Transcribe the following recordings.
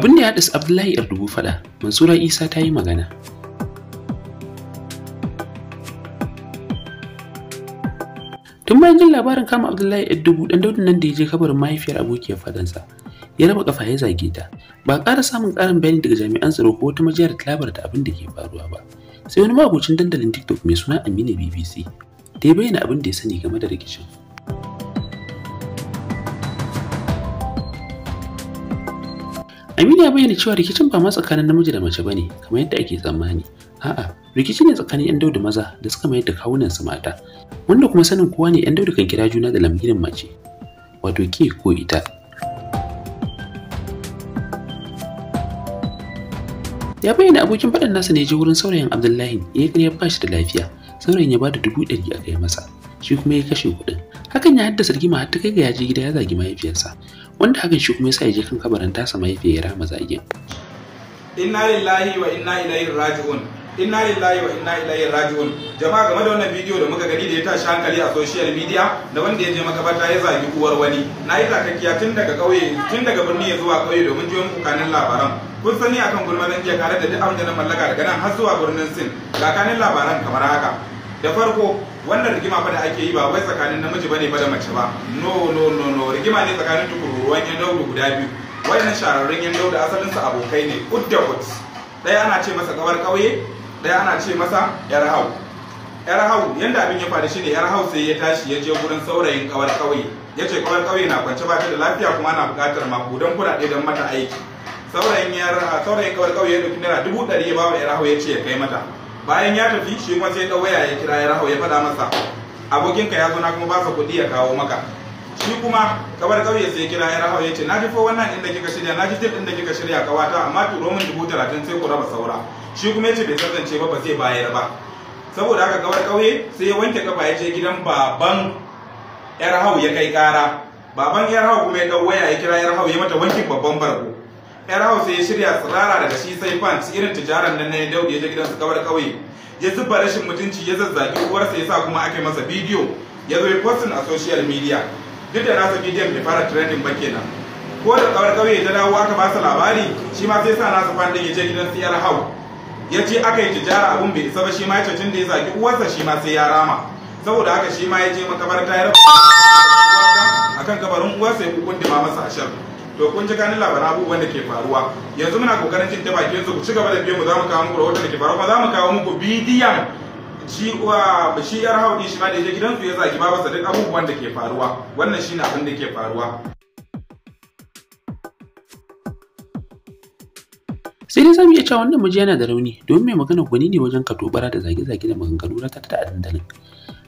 abin da ya haɗa su abdullahi dubu faɗa mansura isa ta yi magana tun bayan jin labarin kama abdullahi dubu ɗan daudin nan da ya je kabarin mahaifiyar abokiyar fadansa ya raba kafa ya zage ta ba ƙara samun ƙarin bayani daga jami'an tsaro ko wata majiyar ta labarta abin da ke faruwa ba sai wani mabocin dandalin tiktok mai suna aminu bbc da ya bayyana abin da ya sani game da rikicin Aminu ya bayyana cewa rikicin ba ma tsakanin namiji da mace bane kamar yadda ake tsammani. A'a, rikici ne tsakanin 'yan daudu maza da suka mayar da kawunan su mata, wanda kuma sanin kowa ne 'yan daudu kan kira juna da lambirin mace, wato ke ko ita. Ya bayyana abokin faɗan nasa ne je wurin saurayin Abdullahi ya ya ba shi da lafiya, saurayin ya ba da dubu ɗari a kai masa. shi kuma ya kashe kuɗin hakan ya haddasa rigima har ta kai ga yaje gida ya zagi mahaifiyarsa wanda hakan shi kuma ya sa ya je kan kabarin tasa mahaifiyar ya rama zagin inna lillahi wa inna ilaihi raji'un inna lillahi wa inna ilaihi raji'un jama'a game da wannan bidiyo da muka gani da ya tashi hankali a social media da wanda ya je makabata ya zagi uwar wani na yi zakakkiya tun daga ƙauye tun daga birni ya zuwa ƙauye domin jiyon kukanin labaran kun sani akan zan iya kare da duk abin da na mallaka daga nan har zuwa birnin sin kakanin labaran kamar haka da farko wannan rigima fa da ake yi ba wai tsakanin namiji bane ba da mace ba no no no no rigima ne tsakanin tukururuwan yan daudu guda biyu wayannan shararrun yan daudu asalin su abokai ne ud da ud daya ana ce masa kawar kauye daya ana ce masa yar hau yar hau yanda abin ya faru shine yar hau sai ya tashi ya je gurin saurayin kawar kauye ya ce kawar kauye na kwance ba ta da lafiya kuma na buƙatar makudan kuɗaɗe don mata aiki saurayin yar saurayin kawar kauye ya ɗauki naira dubu ɗari ya ba yar hau ya ce ya kai mata bayan ya tafi shi kuma sai waya ya kira ya raho ya faɗa masa abokinka ya zo na kuma ba sa kuɗi ya kawo maka shi kuma kabar kauye sai kira ya raho ya ce na ji fa wannan inda kika shirya na ji tip inda kika shirya kawata amma turo min dubu talatin sai ku raba saura shi kuma ya ce bai sassance ba ba zai bayar ba saboda haka kawar kauye sai ya wanke kafa ya je gidan baban yar hau ya kai kara baban yar hau kuma ya dau ya kira yar hau ya mata wankin babban barko yar hausa ya shirya tsirara daga shi sai fans irin tijaran nan na ya dauke ya gidan su kawar kauye ya zuba rashin mutunci ya zazzagi uwarsa ya sa kuma aka masa bidiyo ya zo ya a social media duk da nasa bidiyon bai fara trending ba kenan ko da kawar kauye ta dawo aka ba su labari shi ma sai sa nasa fan din ya je su yar hau ya ce aka yi tijara abun bai isa ba shi ma ya cacin da ya zagi uwarsa shi ma sai ya rama saboda haka shi ma ya je makabarta ya rabu akan kabarin uwarsa ya kukundima masa ashar to kun ji kanin labaran abubuwan da ke faruwa yanzu muna kokarin jin ta bakin su ku ci gaba da biyan mu za mu kawo muku rahoton da ke faruwa za mu kawo muku bidiyon shi wa shi yar haudi shi ma da yake gidansu ya zagi babarsa duk abubuwan da ke faruwa wannan shine abin da ke faruwa sai dai zamu iya cewa wannan miji yana da rauni domin mai magana gwani ne wajen katobara da zage-zage da maganganu na da dandalin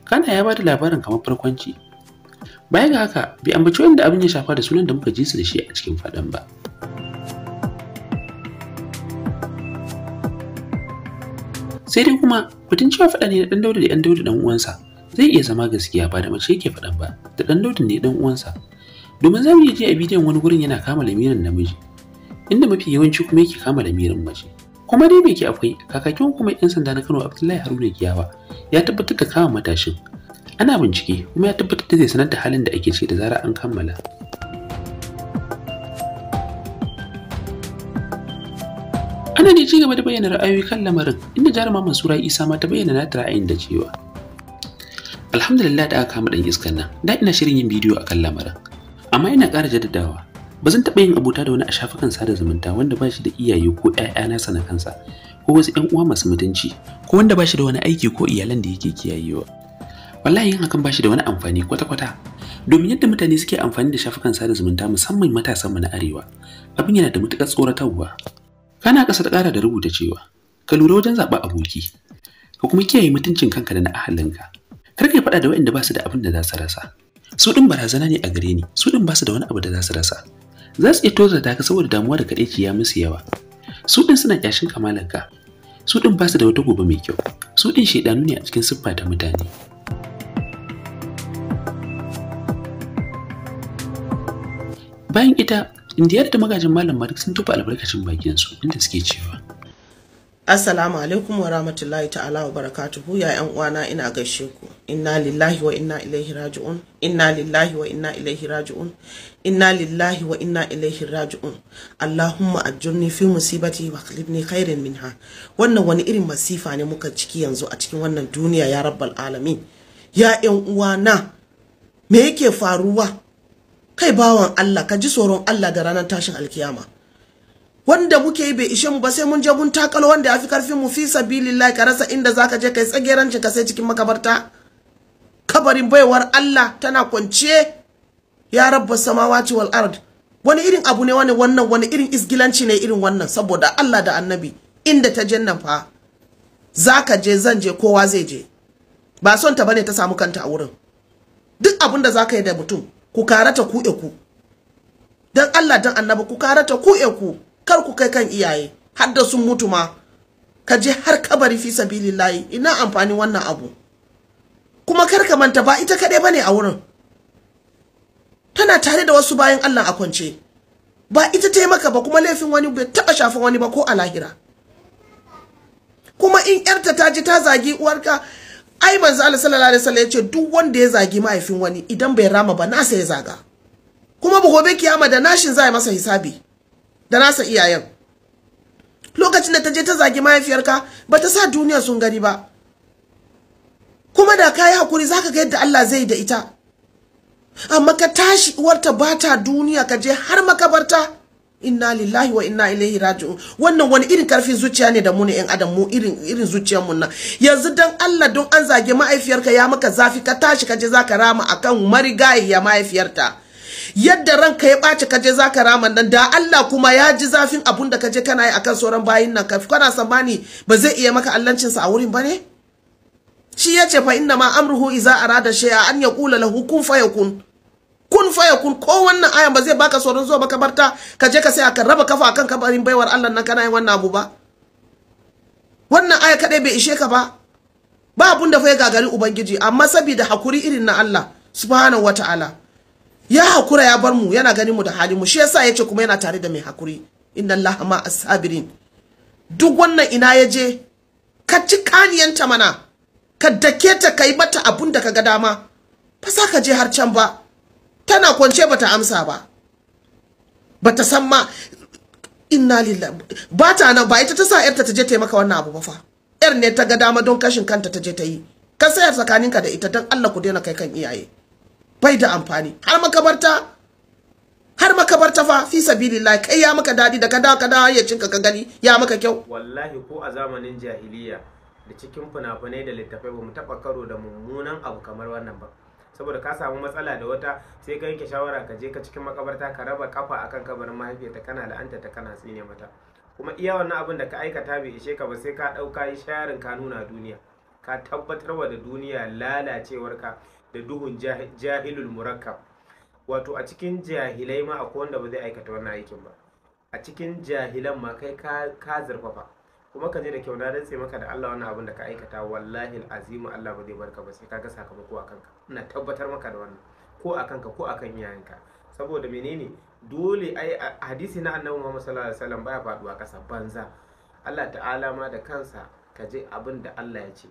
kana ya bada labarin kamar farkwanci baya ga haka bai ambaci wanda abin ya shafa da sunan da muka ji su da shi a cikin faɗan ba sai dai kuma batun cewa faɗa ne na ɗan dauda da ɗan dauda ɗan uwansa zai iya zama gaskiya ba da mace yake faɗan ba da ɗan dauda ne ɗan uwansa domin za mu iya ji a bidiyon wani gurin yana kama lamirin namiji inda mafi yawanci kuma yake kama lamirin mace kuma dai bai ke akwai kakakin kuma 'yan sanda na kano abdullahi haruna giyawa ya tabbatar da kama matashin ana bincike kuma ya tabbatar da zai sanar da halin da ake ciki da zarar an kammala ana ne ci gaba da bayyana ra'ayoyi kan lamarin inda jaruma mansura isa ma ta bayyana nata ra'ayin da cewa alhamdulillah da aka kama dan iskan nan da ina shirin yin bidiyo akan lamarin amma ina ƙara jaddadawa ba zan taɓa yin abota da wani a shafukan sada zumunta wanda ba shi da iyaye ko ‘ya'ya nasa na kansa ko wasu ‘yan uwa masu mutunci ko wanda ba shi da wani aiki ko iyalan da yake kiyayewa. wallahi yin hakan bashi da wani amfani kwata-kwata domin yadda mutane suke amfani da shafukan sada zumunta musamman matasan mu na arewa abin yana da matuƙar tsoratarwa kana kasa ta ƙara da rubuta cewa ka lura wajen zaɓa aboki ka kuma kiyaye mutuncin kanka da na ahalinka kar ka faɗa da waɗanda ba su da abin da za su rasa su ɗin barazana ne a gare ni su ɗin ba su da wani abu da za su rasa za su iya da ka saboda damuwa da kaɗai ya musu yawa su ɗin suna ƙyashin kamalanka su ɗin ba su da wata gobe mai kyau su ɗin shaidanu ne a cikin siffa ta mutane bayan ita indiyar da magajin malam malik sun tufa albarkacin bakin su inda suke cewa Assalamu alaikum wa rahmatullahi ta'ala wa barakatuhu ya yan uwana ina gaishe ku inna lillahi wa inna ilaihi raji'un inna lillahi wa inna ilaihi raji'un inna lillahi wa inna ilaihi raji'un Allahumma ajurni fi musibati wa khlibni khairin minha wannan wani irin masifa ne muka ciki yanzu a cikin wannan duniya ya rabbal alamin ya yan uwana me yake faruwa kai bawan Allah ka ji tsoron Allah da ranar tashin alkiyama wanda muke yi bai ishe mu ba sai mun je mun takalo wanda ya fi karfin mu fi sabilillahi ka rasa inda za ka je kai ranci ka sai cikin makabarta kabarin baiwar Allah tana kwance ya rabba samawati wal ard wani irin abu ne wani wannan wani irin isgilanci ne irin wannan saboda Allah da annabi inda ta jannan fa zaka je zan je kowa zai je ba son ta bane ta samu kanta a wurin duk abin da zaka yi da mutum ku karata ku ku dan Allah dan annabi ku karata ku eku kar ku kai kan iyaye har da sun mutu ma ka je har kabari fi sabilillahi ina amfani wannan abu kuma kar ka manta ba ita kadai bane a wurin tana tare da wasu bayan Allah a kwance ba ita ta maka ba kuma laifin wani bai taba shafin wani ba ko a lahira kuma in yarta ta ji ta zagi uwarka ai manzo Allah sallallahu alaihi wasallam yace duk wanda ya zagi mahaifin wani idan bai rama ba nasa ya zaga kuma bu gobe kiyama da nashin zai masa hisabi da nasa iyayen lokacin da ta je ta zagi mahaifiyarka ba ta sa duniya sun gani ba kuma da kayi hakuri zaka ga yadda Allah zai da ita amma ka tashi uwarta bata duniya ka je har makabarta inna lillahi wa inna ilaihi raji'un wannan wani irin karfin zuciya ne da mu ne yan adam mu irin irin zuciyar mu nan yanzu dan Allah don an zage mahaifiyarka ya maka zafi ka tashi ka je zaka rama akan marigayi ya mahaifiyarta yadda ranka ya ɓaci kaje zaka rama nan da Allah kuma ya ji zafin abun da kaje kana yi akan sauran bayin nan ka kana tsammani ba zai iya maka sa a wurin ba ne shi ya ce fa inna ma amruhu iza arada shay'a an yaqula lahu kun fayakun kun faya kun ko wannan ayan ba zai baka tsoron zuwa barta ka je ka sai aka raba kafa akan kabarin baiwar Allah nan kana yin wannan abu ba wannan aya kadai bai ishe ka ba ba abun da fa gagari ubangiji amma saboda hakuri irin na Allah subhanahu wataala ya hakura ya bar mu yana ganin mu da hali mu shi yasa yace kuma yana tare da mai hakuri inna Allah ma Asabirin. duk wannan ina ya je ka ci kaniyanta mana ka dake ta kai mata abun da ka ga dama fa sa ka je har can ba tana kwance bata amsa ba bata san ma inna lillahi ba ta nan ba ita ta sa yarta ta je ta yi maka wannan abu ba fa yar ne ta ga dama don kashin kanta ta je ta yi ka saya tsakaninka da ita don Allah ku daina kai kan iyaye bai da amfani har makabarta har makabarta fa fi sabilillah kai ya maka dadi da ka dawo ka dawo ya cinka ka gani ya maka kyau wallahi ko a zamanin jahiliya da cikin fina da littafai ba mu taɓa karo da mummunan abu kamar wannan ba saboda ka samu matsala da wata sai ka yanke shawara ka je ka cikin makabarta ka raba kafa akan kabarin mahaifiyarta kana la'anta ta kana tsine mata kuma iya wannan abin da ka aikata bai ishe ka ba sai ka ɗauka yi sharin ka nuna duniya ka tabbatar wa da duniya lalacewarka da duhun jahilul murakkab wato a cikin jahilai ma akwai wanda ba zai aikata wannan aikin ba a cikin jahilan ma kai ka zurfafa kuma ka je da kyau na sai maka da Allah wannan abin da ka aikata wallahi azimu Allah ba zai barka ba sai ka ga sakamako a kanka ina tabbatar maka da wannan ko a kanka ko a kan iyayenka saboda menene dole ai hadisi na annabi Muhammad sallallahu alaihi wasallam baya faduwa kasa banza Allah ta'ala ma da kansa ka je abin da Allah ya ce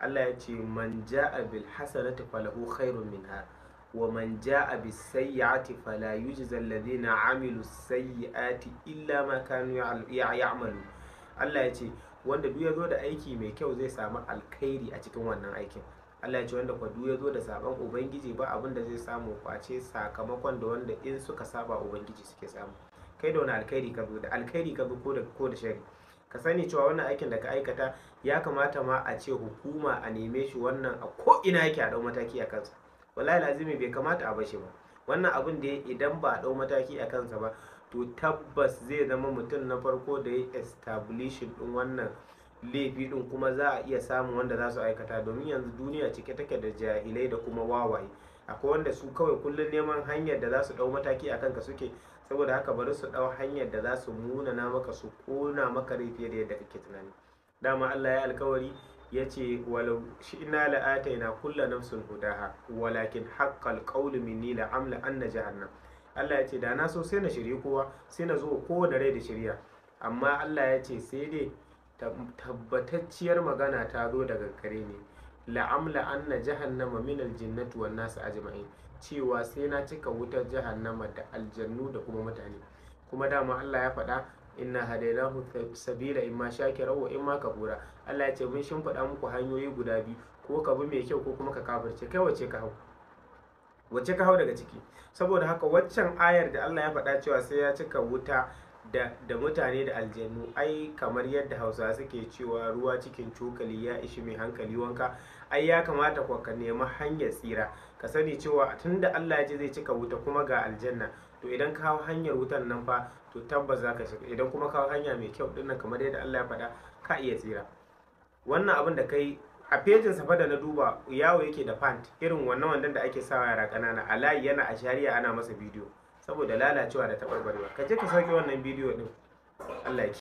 Allah ya ce man ja'a bil hasanati falahu khairun minha wa man ja'a bis sayyi'ati fala yujza alladhina amilu sayyi'ati illa ma kanu ya'malu Allah ya ce wanda duk ya zo da aiki mai kyau zai samu alkhairi a cikin wannan aikin Allah ya ce wanda kwadu ya zo da saban ubangiji ba abin da zai samu kwace sakamakon da wanda in suka saba ubangiji suke samu kai da wani alkhairi ka zo da alkhairi ka zo ko da ko da shari ka sani cewa wannan aikin da ka aikata ya kamata ma a ce hukuma a neme shi wannan a ko ina yake a dau mataki a kansa wallahi lazimi bai kamata a bashe ba wannan abin da idan ba a dau mataki a kansa ba to tabbas zai zama mutum na farko da ya establishin din wannan laifi din kuma za a iya samun wanda za su aikata domin yanzu duniya cike take da jahilai da kuma wawaye akwai wanda su kawai kullum neman hanyar da za su dau mataki a kanka suke saboda haka bari su dau hanyar da za su munana maka su kona maka rai fiye da yadda kake tunani dama Allah ya alkawari ya ce walau shi ina la'ataina kulla nafsun hudaha walakin haqqal qawlu minni la'amla anna jahannam Allah ya ce da na so sai na shirye kowa sai na zo ko da rai da shirya amma Allah ya ce sai dai tabbatacciyar magana ta zo daga gare ni la'amla anna jahannama min aljinnati wan a ajma'in cewa sai na cika wutar jahannama da aljannu da kuma mutane kuma dama Allah ya faɗa inna hadainahu sabila imma shakira wa ka kafura Allah ya ce mun shimfiɗa muku hanyoyi guda biyu ko ka bi mai kyau ko kuma ka kafirce kai wace ka hau wacce ka hau daga ciki saboda haka waccan ayar da Allah ya faɗa cewa sai ya cika wuta da, mutane da aljannu ai kamar yadda hausa suke cewa ruwa cikin cokali ya ishi mai hankali wanka ai ya kamata ku ka nemi hanyar tsira ka sani cewa tun da Allah ya ji zai cika wuta kuma ga aljanna to idan ka hau hanyar wutan nan fa to tabbas za ka shiga idan kuma ka hau hanya mai kyau dinnan kamar yadda Allah ya faɗa ka iya tsira wannan abin da kai a fejin safa da na duba yawo yake da fant irin wannan wandan da ake sawa yara kanana a layi yana a shari'a ana masa bidiyo saboda lalacewa da taɓarɓarewa ka je ka sauke wannan bidiyo din Allah ya